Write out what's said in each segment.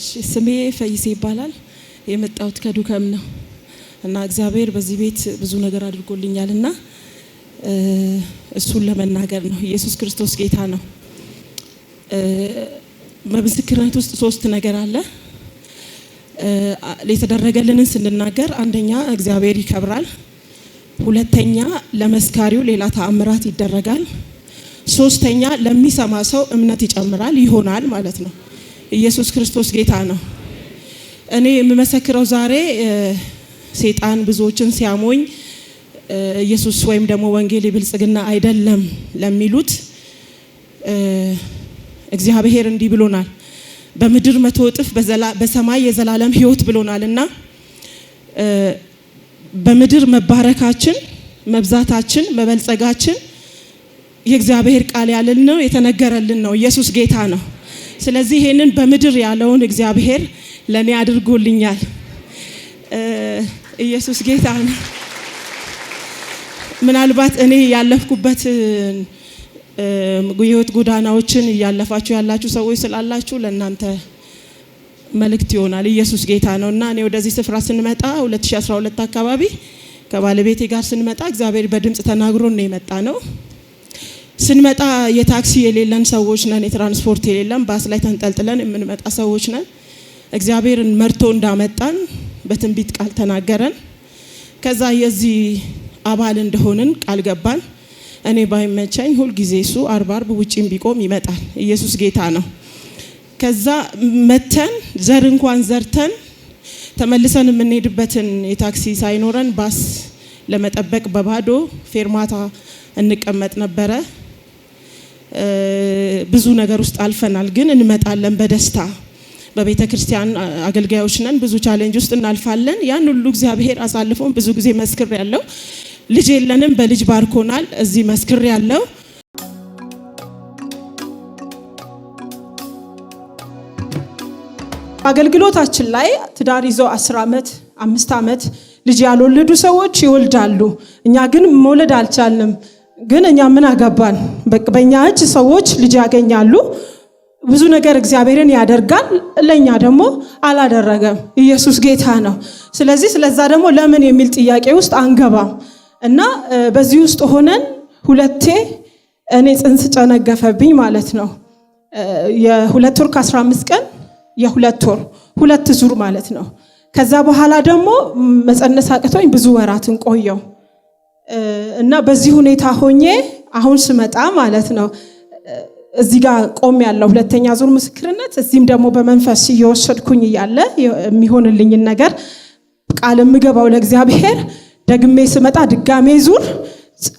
እሺ ስሜ ፈይሴ ይባላል። የመጣሁት ከዱከም ነው እና እግዚአብሔር በዚህ ቤት ብዙ ነገር አድርጎልኛል እና እሱን ለመናገር ነው። ኢየሱስ ክርስቶስ ጌታ ነው። በምስክርነት ውስጥ ሶስት ነገር አለ። የተደረገልንን ስንናገር አንደኛ እግዚአብሔር ይከብራል፣ ሁለተኛ ለመስካሪው ሌላ ተአምራት ይደረጋል፣ ሶስተኛ ለሚሰማ ሰው እምነት ይጨምራል ይሆናል ማለት ነው። ኢየሱስ ክርስቶስ ጌታ ነው። እኔ የምመሰክረው ዛሬ ሴጣን ብዙዎችን ሲያሞኝ ኢየሱስ ወይም ደግሞ ወንጌል የብልጽግና አይደለም ለሚሉት እግዚአብሔር እንዲህ ብሎናል፣ በምድር መቶ እጥፍ በሰማይ የዘላለም ሕይወት ብሎናል እና በምድር መባረካችን፣ መብዛታችን፣ መበልጸጋችን የእግዚአብሔር ቃል ያለን ነው የተነገረልን ነው። ኢየሱስ ጌታ ነው። ስለዚህ ይሄንን በምድር ያለውን እግዚአብሔር ለእኔ አድርጎልኛል። ኢየሱስ ጌታ ነው። ምናልባት እኔ ያለፍኩበት የህይወት ጎዳናዎችን እያለፋችሁ ያላችሁ ሰዎች ስላላችሁ ለእናንተ መልእክት ይሆናል። ኢየሱስ ጌታ ነው እና እኔ ወደዚህ ስፍራ ስንመጣ 2012 አካባቢ ከባለቤቴ ጋር ስንመጣ እግዚአብሔር በድምፅ ተናግሮ ነው የመጣ ነው። ስንመጣ የታክሲ የሌለን ሰዎች ነን፣ የትራንስፖርት የሌለን ባስ ላይ ተንጠልጥለን የምንመጣ ሰዎች ነን። እግዚአብሔርን መርቶ እንዳመጣን በትንቢት ቃል ተናገረን። ከዛ የዚህ አባል እንደሆንን ቃል ገባን። እኔ ባይመቸኝ ሁልጊዜ እሱ አርብ አርብ ውጭም ቢቆም ይመጣል። ኢየሱስ ጌታ ነው። ከዛ መተን ዘር እንኳን ዘርተን ተመልሰን የምንሄድበትን የታክሲ ሳይኖረን ባስ ለመጠበቅ በባዶ ፌርማታ እንቀመጥ ነበረ። ብዙ ነገር ውስጥ አልፈናል፣ ግን እንመጣለን በደስታ በቤተ ክርስቲያን አገልጋዮች ነን። ብዙ ቻሌንጅ ውስጥ እናልፋለን። ያን ሁሉ እግዚአብሔር አሳልፎን ብዙ ጊዜ መስክር ያለው ልጅ የለንም፣ በልጅ ባርኮናል። እዚህ መስክር ያለው አገልግሎታችን ላይ ትዳር ይዘው አስር ዓመት አምስት ዓመት ልጅ ያልወለዱ ሰዎች ይወልዳሉ። እኛ ግን መውለድ አልቻልንም። ግን እኛ ምን አገባን? በእኛ እጅ ሰዎች ልጅ ያገኛሉ፣ ብዙ ነገር እግዚአብሔርን ያደርጋል። ለእኛ ደግሞ አላደረገም። ኢየሱስ ጌታ ነው። ስለዚህ ስለዛ ደግሞ ለምን የሚል ጥያቄ ውስጥ አንገባም እና በዚህ ውስጥ ሆነን ሁለቴ እኔ ጽንስ ጨነገፈብኝ ማለት ነው። የሁለት ወር ከአስራ አምስት ቀን የሁለት ወር ሁለት ዙር ማለት ነው። ከዛ በኋላ ደግሞ መጸነስ አቅቶኝ ብዙ ወራትን ቆየው። እና በዚህ ሁኔታ ሆኜ አሁን ስመጣ ማለት ነው እዚህ ጋር ቆም ያለው ሁለተኛ ዙር ምስክርነት እዚህም ደግሞ በመንፈስ እየወሰድኩኝ እያለ የሚሆንልኝን ነገር ቃል የምገባው ለእግዚአብሔር ደግሜ ስመጣ ድጋሜ ዙር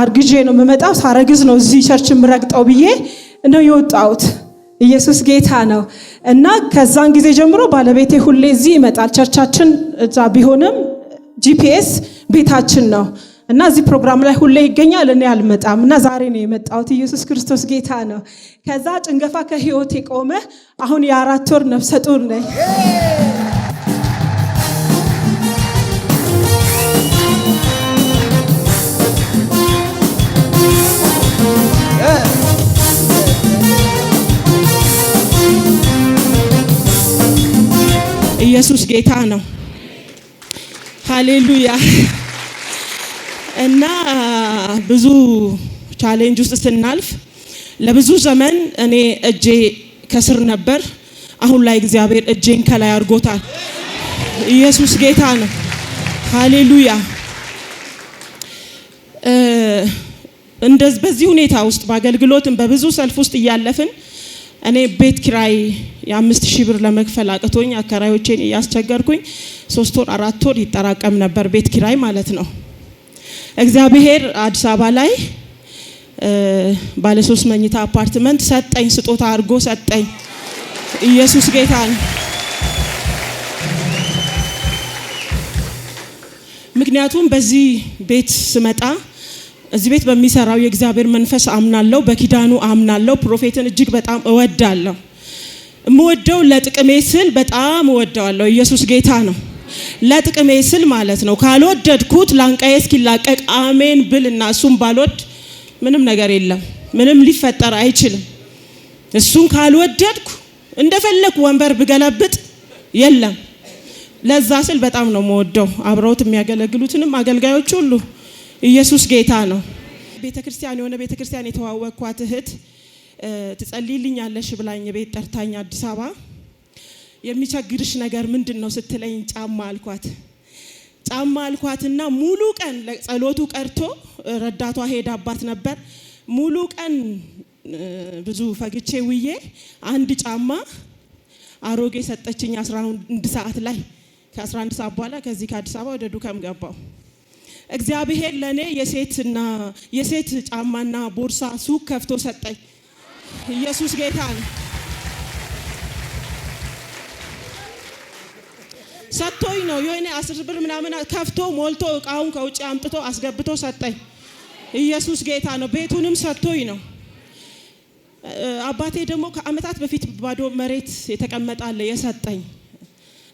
አርግዤ ነው የምመጣው፣ ሳረግዝ ነው እዚህ ቸርች የምረግጠው ብዬ ነው የወጣሁት። ኢየሱስ ጌታ ነው። እና ከዛን ጊዜ ጀምሮ ባለቤቴ ሁሌ እዚህ ይመጣል። ቸርቻችን እዛ ቢሆንም ጂፒኤስ ቤታችን ነው። እና እዚህ ፕሮግራም ላይ ሁሌ ይገኛል። እኔ አልመጣም እና ዛሬ ነው የመጣሁት። ኢየሱስ ክርስቶስ ጌታ ነው። ከዛ ጭንገፋ ከህይወት የቆመ አሁን የአራት ወር ነፍሰ ጡር ነኝ። ኢየሱስ ጌታ ነው። ሃሌሉያ እና ብዙ ቻሌንጅ ውስጥ ስናልፍ ለብዙ ዘመን እኔ እጄ ከስር ነበር። አሁን ላይ እግዚአብሔር እጄን ከላይ አድርጎታል። ኢየሱስ ጌታ ነው። ሃሌሉያ። እንደዚህ በዚህ ሁኔታ ውስጥ በአገልግሎትም በብዙ ሰልፍ ውስጥ እያለፍን እኔ ቤት ኪራይ የአምስት ሺህ ብር ለመክፈል አቅቶኝ አከራዮቼን እያስቸገርኩኝ ሶስት ወር አራት ወር ይጠራቀም ነበር ቤት ኪራይ ማለት ነው። እግዚአብሔር አዲስ አበባ ላይ ባለ ሶስት መኝታ አፓርትመንት ሰጠኝ፣ ስጦታ አድርጎ ሰጠኝ። ኢየሱስ ጌታ ነው። ምክንያቱም በዚህ ቤት ስመጣ እዚህ ቤት በሚሰራው የእግዚአብሔር መንፈስ አምናለሁ፣ በኪዳኑ አምናለሁ። ፕሮፌትን እጅግ በጣም እወዳለሁ። የምወደው ለጥቅሜ ስል በጣም እወደዋለሁ። ኢየሱስ ጌታ ነው። ለጥቅሜ ስል ማለት ነው። ካልወደድኩት ላንቃዬ እስኪላቀቅ አሜን ብል እና እሱን ባልወድ ምንም ነገር የለም፣ ምንም ሊፈጠር አይችልም። እሱን ካልወደድኩ እንደፈለግኩ ወንበር ብገለብጥ የለም። ለዛ ስል በጣም ነው የምወደው፣ አብረውት የሚያገለግሉትንም አገልጋዮች ሁሉ። ኢየሱስ ጌታ ነው። ቤተ ክርስቲያን የሆነ ቤተ ክርስቲያን የተዋወቅኳት እህት ትጸልይልኛለሽ ብላኝ ቤት ጠርታኝ አዲስ አበባ የሚቸግርሽ ነገር ምንድን ነው ስትለኝ ጫማ አልኳት። ጫማ አልኳትና ሙሉ ቀን ጸሎቱ ቀርቶ ረዳቷ ሄዳባት ነበር። ሙሉ ቀን ብዙ ፈግቼ ውዬ አንድ ጫማ አሮጌ ሰጠችኝ። 11 ሰዓት ላይ ከ11 ሰዓት በኋላ ከዚህ ከአዲስ አበባ ወደ ዱከም ገባው። እግዚአብሔር ለእኔ የሴትና የሴት ጫማና ቦርሳ ሱቅ ከፍቶ ሰጠኝ። ኢየሱስ ጌታ ነው። ሰጥቶኝ ነው የሆነ አስር ብር ምናምን ከፍቶ ሞልቶ እቃውን ከውጭ አምጥቶ አስገብቶ ሰጠኝ። ኢየሱስ ጌታ ነው። ቤቱንም ሰጥቶኝ ነው። አባቴ ደግሞ ከአመታት በፊት ባዶ መሬት የተቀመጣለ የሰጠኝ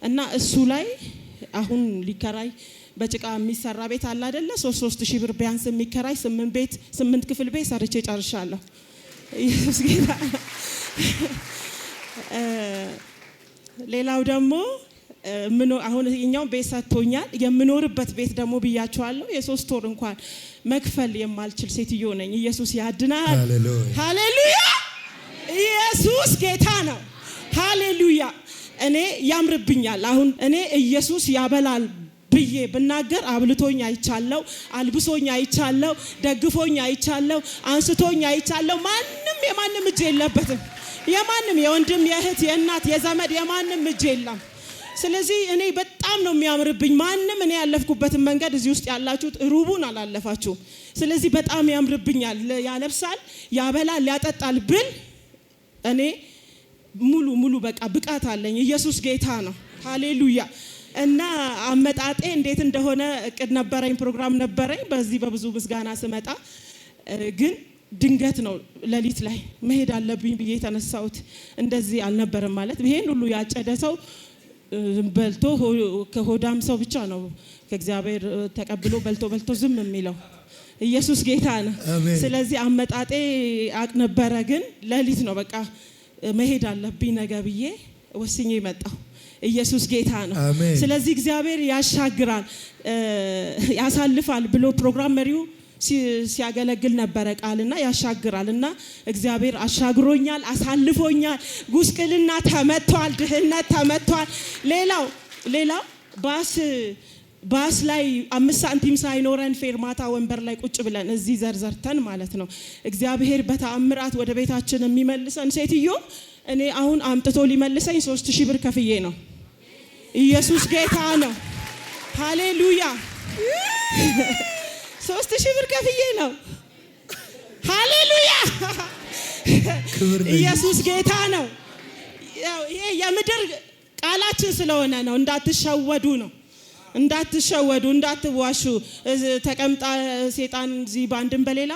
እና እሱ ላይ አሁን ሊከራይ በጭቃ የሚሰራ ቤት አለ አይደለ? ሶስት ሶስት ሺህ ብር ቢያንስ የሚከራይ ስምንት ቤት ስምንት ክፍል ቤት ሰርቼ ጨርሻለሁ። ኢየሱስ ጌታ። ሌላው ደግሞ አሁን እኛውም ቤት ሰጥቶኛል። የምኖርበት ቤት ደግሞ ብያቸዋለሁ የሶስት ወር እንኳን መክፈል የማልችል ሴትዮ ነኝ። ኢየሱስ ያድናል። ሃሌሉያ! ኢየሱስ ጌታ ነው። ሃሌሉያ! እኔ ያምርብኛል። አሁን እኔ ኢየሱስ ያበላል ብዬ ብናገር አብልቶኝ አይቻለሁ፣ አልብሶኝ አይቻለሁ፣ ደግፎኝ አይቻለሁ፣ አንስቶኝ አይቻለሁ። ማንም የማንም እጅ የለበትም። የማንም የወንድም የእህት የእናት የዘመድ የማንም እጅ የለም። ስለዚህ እኔ በጣም ነው የሚያምርብኝ። ማንም እኔ ያለፍኩበትን መንገድ እዚህ ውስጥ ያላችሁት ሩቡን አላለፋችሁም። ስለዚህ በጣም ያምርብኛል፣ ያለብሳል፣ ያበላል፣ ያጠጣል ብል እኔ ሙሉ ሙሉ በቃ ብቃት አለኝ። ኢየሱስ ጌታ ነው። ሃሌሉያ። እና አመጣጤ እንዴት እንደሆነ እቅድ ነበረኝ፣ ፕሮግራም ነበረኝ። በዚህ በብዙ ምስጋና ስመጣ ግን ድንገት ነው ሌሊት ላይ መሄድ አለብኝ ብዬ የተነሳሁት። እንደዚህ አልነበረም ማለት ይሄን ሁሉ ያጨደ ሰው በልቶ ከሆዳም ሰው ብቻ ነው ከእግዚአብሔር ተቀብሎ በልቶ በልቶ ዝም የሚለው። ኢየሱስ ጌታ ነው። ስለዚህ አመጣጤ አቅ ነበረ፣ ግን ሌሊት ነው በቃ መሄድ አለብኝ ነገ ብዬ ወስኜ መጣሁ። ኢየሱስ ጌታ ነው። ስለዚህ እግዚአብሔር ያሻግራል፣ ያሳልፋል ብሎ ፕሮግራም መሪው ሲያገለግል ነበረ ቃልና ያሻግራል እና እግዚአብሔር አሻግሮኛል፣ አሳልፎኛል፣ ጉስቅልና ተመቷል፣ ድህነት ተመቷል። ሌላው ሌላው ባስ ባስ ላይ አምስት ሳንቲም ሳይኖረን ፌርማታ ወንበር ላይ ቁጭ ብለን እዚህ ዘርዘርተን ማለት ነው። እግዚአብሔር በተአምራት ወደ ቤታችን የሚመልሰን ሴትዮ እኔ አሁን አምጥቶ ሊመልሰኝ ሶስት ሺህ ብር ከፍዬ ነው። ኢየሱስ ጌታ ነው። ሃሌሉያ ሶስት ሺህ ብር ከፍዬ ነው። ሃሌሉያ! ኢየሱስ ጌታ ነው። ይሄ የምድር ቃላችን ስለሆነ ነው። እንዳትሸወዱ ነው እንዳትሸወዱ እንዳትዋሹ። ተቀምጣ ሴጣን እዚህ በአንድም በሌላ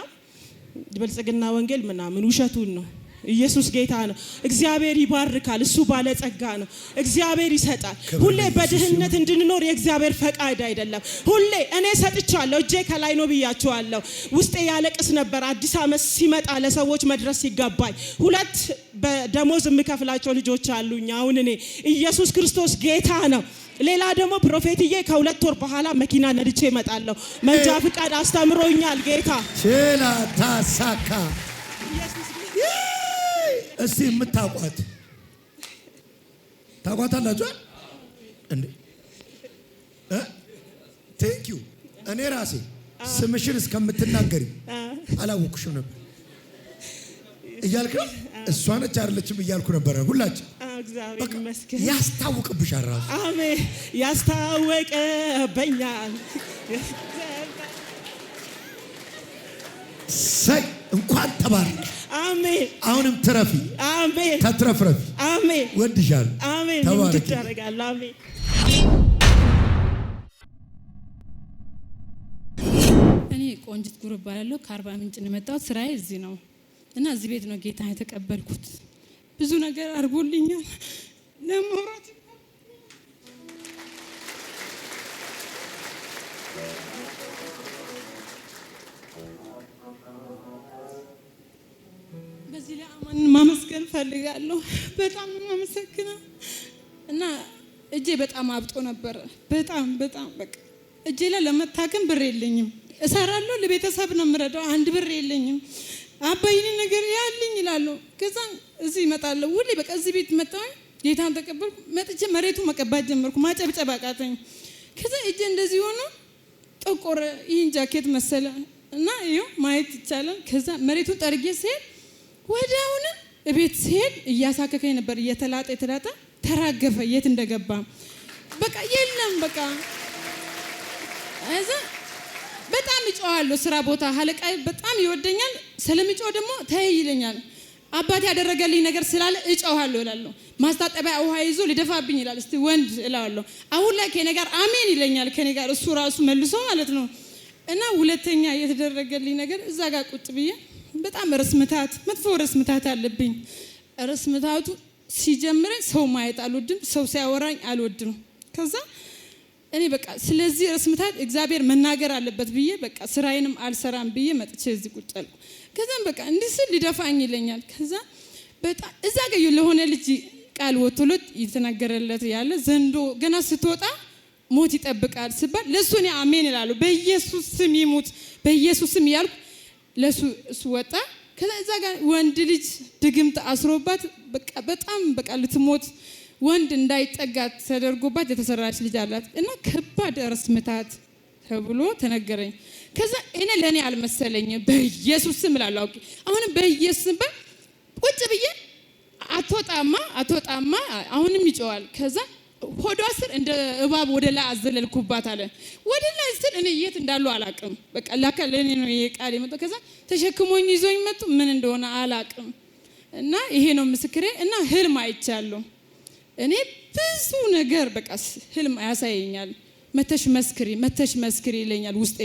ብልጽግና ወንጌል ምናምን ውሸቱን ነው ኢየሱስ ጌታ ነው። እግዚአብሔር ይባርካል። እሱ ባለጸጋ ነው። እግዚአብሔር ይሰጣል። ሁሌ በድህነት እንድንኖር የእግዚአብሔር ፈቃድ አይደለም። ሁሌ እኔ ሰጥቻለሁ፣ እጄ ከላይ ነው ብያችኋለሁ። ውስጤ ያለቅስ ነበር አዲስ ዓመት ሲመጣ ለሰዎች መድረስ ሲገባኝ። ሁለት በደሞዝ የምከፍላቸው ልጆች አሉኝ። አሁን እኔ ኢየሱስ ክርስቶስ ጌታ ነው። ሌላ ደግሞ ፕሮፌትዬ ከሁለት ወር በኋላ መኪና ነድቼ እመጣለሁ። መንጃ ፍቃድ አስተምሮኛል ጌታ ቼላ ታሳካ እስቲ የምታቋት ታቋት እንዴ? ቴንክ ዩ። እኔ ራሴ ስምሽን እስከምትናገሪ አላወኩሽም ነበር እያልክ ነው። እሷ ነች አይደለችም እያልኩ ነበረ። ሁላችን ያስታውቅብሻል። ራሱ አሜን ያስታወቅብኛል። እንኳን ተባረክ አሜን። አሁንም ትረፊ። አሜን። ተትረፍረፊ። አሜን። ወድሻል። አሜን። ተባረክ። አሜን። እኔ ቆንጅት ጉር እባላለሁ። ከአርባ ምንጭ ነው የመጣሁት። ስራዬ እዚህ ነው እና እዚህ ቤት ነው ጌታ የተቀበልኩት። ብዙ ነገር አድርጎልኛል ለመውራት በዚህ ላይ አማንን ማመስገን ፈልጋለሁ። በጣም ማመሰግነው እና እጄ በጣም አብጦ ነበረ። በጣም በጣም በቃ እጄ ላይ ለመታከም ብር የለኝም። እሰራለሁ፣ ለቤተሰብ ነው የምረዳው። አንድ ብር የለኝም። አባይኔ ነገር ያልኝ ይላሉ። ከዛ እዚህ እመጣለሁ። ሁሌ በቃ እዚህ ቤት መጣሁ፣ ጌታን ተቀበልኩ። መጥቼ መሬቱ መቀባት ጀመርኩ። ማጨብጨብ አቃተኝ። ከዛ እጄ እንደዚህ ሆኖ ጥቁር ይህን ጃኬት መሰለ እና ይኸው ማየት ይቻላል። ከዛ መሬቱን ጠርጌ ሲሄድ ወዲያውንም እቤት ሲሄድ እያሳከከኝ ነበር። እየተላጠ የተላጠ ተራገፈ። የት እንደገባ በቃ የለም በቃ እዛ በጣም እጮዋለሁ። ስራ ቦታ አለቃ በጣም ይወደኛል። ስለምጮ ደግሞ ተይ ይለኛል። አባት ያደረገልኝ ነገር ስላለ እጮዋለሁ እላለሁ። ማስታጠቢያ ውሃ ይዞ ሊደፋብኝ ይላል። እስቲ ወንድ እላለሁ። አሁን ላይ ከኔ ጋር አሜን ይለኛል። ከኔ ጋር እሱ ራሱ መልሶ ማለት ነው። እና ሁለተኛ የተደረገልኝ ነገር እዛ ጋር ቁጭ ብዬ በጣም ርስ ምታት፣ መጥፎ ርስ ምታት አለብኝ። ርስ ምታቱ ሲጀምረኝ ሰው ማየት አልወድም፣ ሰው ሲያወራኝ አልወድም። ከዛ እኔ በቃ ስለዚህ ርስ ምታት እግዚአብሔር መናገር አለበት ብዬ በቃ ስራዬንም አልሰራም ብዬ መጥቼ እዚህ ቁጭ አልኩ። ከዛም በቃ እንዲህ ስል ሊደፋኝ ይለኛል። ከዛ በጣም እዛ ገዩ ለሆነ ልጅ ቃል ወቶሎት እየተናገረለት ያለ ዘንዶ ገና ስትወጣ ሞት ይጠብቃል ስባል ለእሱ እኔ አሜን ይላሉ። በኢየሱስ ስም ይሙት፣ በኢየሱስ ስም እያልኩ ለሱ እሱ ወጣ። ከዛ ጋር ወንድ ልጅ ድግምት አስሮባት በቃ በጣም በቃ ልትሞት ወንድ እንዳይጠጋት ተደርጎባት የተሰራች ልጅ አላት እና ከባድ ራስ ምታት ተብሎ ተነገረኝ። ከዛ እኔ ለእኔ አልመሰለኝም። በኢየሱስ ስም እላለሁ አውቄ አሁንም በኢየሱስ ስም ቁጭ ብዬ አቶ ጣማ አቶ ጣማ አሁንም ይጮዋል ከዛ ሆዷ ስር እንደ እባብ ወደ ላይ አዘለልኩባት አለ። ወደ ላይ ስል እኔ የት እንዳለው አላቅም። በቃ ላካ ለእኔ ነው ይሄ ቃል የመጣው። ከዛ ተሸክሞኝ ይዞኝ መጡ። ምን እንደሆነ አላቅም። እና ይሄ ነው ምስክሬ። እና ህልም አይቻለሁ እኔ ብዙ ነገር በቃ ህልም ያሳየኛል። መተሽ መስክሪ፣ መተሽ መስክሪ ይለኛል ውስጤ።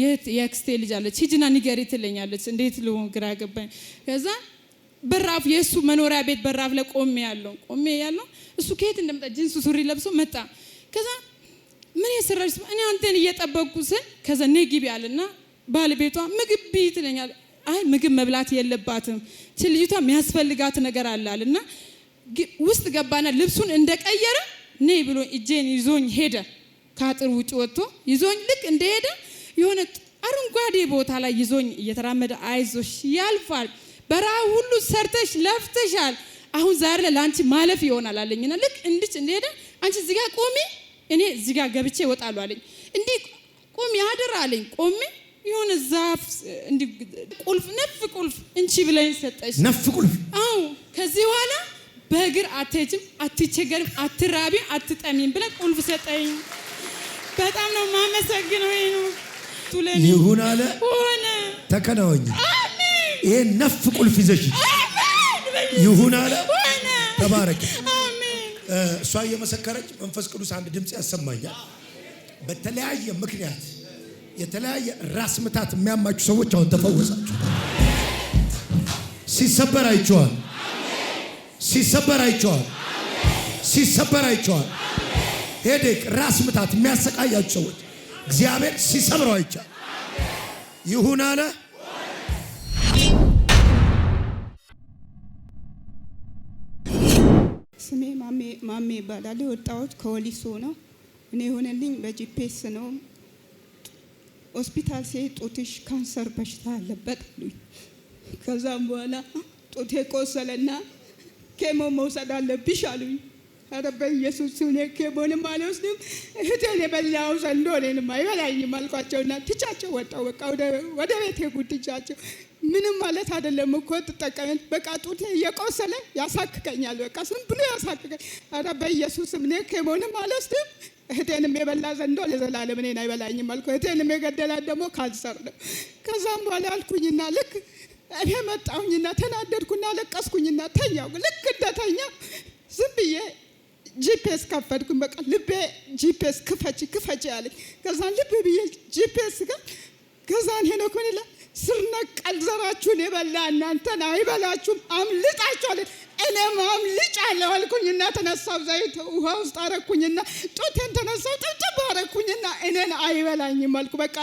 የት የክስቴ ልጅ አለች ሂጂና ንገሪ ትለኛለች። እንዴት ልሆን ግራ ገባኝ። ከዛ በራፍ የእሱ መኖሪያ ቤት በራፍ ላይ ቆሜ ያለው ቆሜ ያለው እሱ ከየት እንደመጣ ጅንሱ ሱሪ ለብሶ መጣ። ከዛ ምን የሰራሽ እኔ አንተን እየጠበቅኩ ስል ከዛ ነግቢ ያልና ባለቤቷ ምግብ ብይ ትለኛል። አይ ምግብ መብላት የለባትም ልጅቷ የሚያስፈልጋት ነገር አላል እና ውስጥ ገባና ልብሱን እንደቀየረ ነይ ብሎ እጄን ይዞኝ ሄደ። ከአጥር ውጭ ወጥቶ ይዞኝ ልክ እንደሄደ የሆነ አረንጓዴ ቦታ ላይ ይዞኝ እየተራመደ አይዞሽ ያልፋል በረሃብ ሁሉ ሰርተሽ ለፍተሻል። አሁን ዛሬ ለአንቺ ማለፍ ይሆናል አለኝና ልክ እንድች እንደሄደ አንቺ እዚህ ጋር ቆሚ፣ እኔ እዚህ ጋር ገብቼ እወጣለሁ አለኝ። እንዲህ ቆሚ አደራ አለኝ። ቆሚ የሆነ ዛፍ እንዲህ ቁልፍ ነፍ ቁልፍ እንቺ ብለኝ ሰጠች። ነፍ ቁልፍ አዎ። ከዚህ በኋላ በእግር አትሄጂም፣ አትቸገርም፣ አትራቢም፣ አትጠሚም ብለ ቁልፍ ሰጠኝ። በጣም ነው የማመሰግነው። ይሁን አለ ሆነ፣ ተከናወኝ። አሜን ይሄን ነፍ ቁልፍ ይዘሽ ይሁን አለ። ተባረክ። እሷ እየመሰከረች መንፈስ ቅዱስ አንድ ድምፅ ያሰማኛል። በተለያየ ምክንያት የተለያየ ራስ ምታት የሚያማችሁ ሰዎች አሁን ተፈወሳችሁ። ሲሰበር አይቼዋል። ሲሰበር አይቼዋል። ሲሰበር አይቼዋል። ሄዴክ ራስ ምታት የሚያሰቃያችሁ ሰዎች እግዚአብሔር ሲሰብረው አይቻል ይሁን አለ። ስሜ ማሜ ይባላል። የወጣሁት ከወሊሶ ነው። እኔ የሆነልኝ በጂፒኤስ ነው። ሆስፒታል ሴ ጡትሽ ካንሰር በሽታ አለበት አሉኝ። ከዛም በኋላ ጡቴ ቆሰለና ኬሞ መውሰድ አለብሽ አሉኝ። ኧረ በኢየሱስ እኔ ቦንም አልወስድም እህቴን የበላው ዘንዶ እኔንም አይበላኝም አልኳቸውና ትቻቸው ወጣው። በቃ ወደ ቤቴ ጉድቻቸው ምንም ማለት አይደለም እኮ ትጠቀመን በቃ ጡቴ እየቆሰለ ያሳክከኛል። በቃ ዝም ብሎ ያሳክከኝ። ኧረ በኢየሱስም እኔ ቦንም አልወስድም እህቴንም የበላ ዘንዶ ለዘላለም እኔን አይበላኝም አልኩ። እህቴንም የገደላት ደግሞ ካንሰር ነው። ከዛም በኋላ አልኩኝና ልክ እኔ መጣሁኝና ተናደድኩና ለቀስኩኝና ተኛው። ልክ እንደተኛው ዝም ብዬ ጂፒኤስ ከፈትኩኝ። በቃ ልቤ ጂፒኤስ ክፈች ክፈች ያለኝ። ከዛን ልብ ብዬ ጂፒኤስ ጋር ከዛን ሄኖክ ምን ይላል ስር ነቀል ዘራችሁን የበላ እናንተን አይበላችሁም፣ አምልጣችኋል። እኔም አምልጫለሁ አልኩኝና ተነሳሁ። ዘይት ውሃ ውስጥ አረኩኝና ጡቴን ተነሳሁ፣ ጥብጥብ አረኩኝና እኔን አይበላኝም አልኩ። በቃ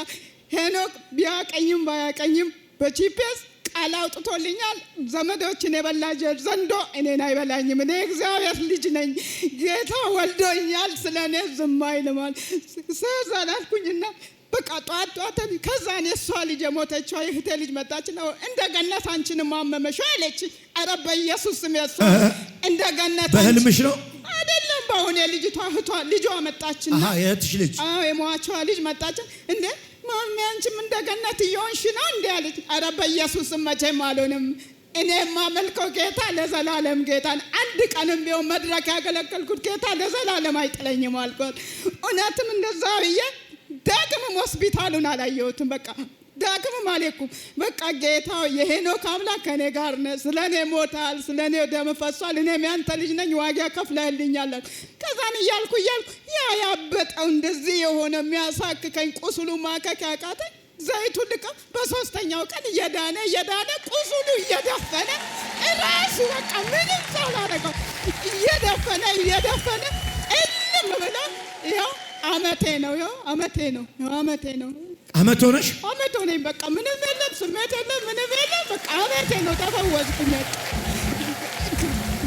ሄኖክ ቢያቀኝም ባያቀኝም በጂፒኤስ ቃል አውጥቶልኛል። ዘመዶችን የበላ ዘንዶ እኔን አይበላኝም። እኔ እግዚአብሔር ልጅ ነኝ፣ ጌታ ወልዶኛል፣ ስለ እኔ ዝም አይልማል። ሰዛ ላልኩኝና በቃ ጠዋት ጠዋት ከዛ እኔ እሷ ልጅ የሞተች እህቴ ልጅ መጣች ነው እንደ ገነት አንቺን ማመመሽ አለች። ኧረ በኢየሱስ ስም የሷ እንደ ገነት በህልምሽ ነው አይደለም። በአሁን የልጅቷ እህቷ ልጇ መጣችና የእህትሽ ልጅ የሟቿ ልጅ መጣችን እንዴ ማሚ አንቺም እንደገነት እየሆንሽ ነው እንዲ አለች። አረ በኢየሱስም መቼም አልሆንም። እኔ የማመልከው ጌታ ለዘላለም ጌታ አንድ ቀንም ቢሆን መድረክ ያገለገልኩት ጌታ ለዘላለም አይጥለኝም አልኳት። እውነትም እንደዛ ብዬ ደግምም ሆስፒታሉን አላየሁትም በቃ ዳግም አሌኩ በቃ ጌታ የሄኖክ አምላክ ከኔ ጋር ነ ስለኔ ሞታል፣ ስለኔ ደም ፈሷል፣ እኔም ያንተ ልጅ ነኝ፣ ዋጋ ከፍለህልኛለህ። ከዛን እያልኩ እያልኩ ያ ያበጠው እንደዚህ የሆነ የሚያሳክከኝ ቁስሉ ማከክ ያቃተኝ ዘይቱ ልቀ በሶስተኛው ቀን እየዳነ እየዳነ ቁስሉ እየደፈነ ራሱ በቃ ምንም ሰው ላደረገው እየደፈነ እየደፈነ እልም ብለ ይኸው አመቴ ነው ይኸው አመቴ ነው ይኸው አመቴ ነው አመት ሆነሽ? አመት ሆነኝ። በቃ ምንም የለም፣ ስሜት የለም፣ ምንም የለም። በቃ አመቴ ነው ተፈወስኩኝ።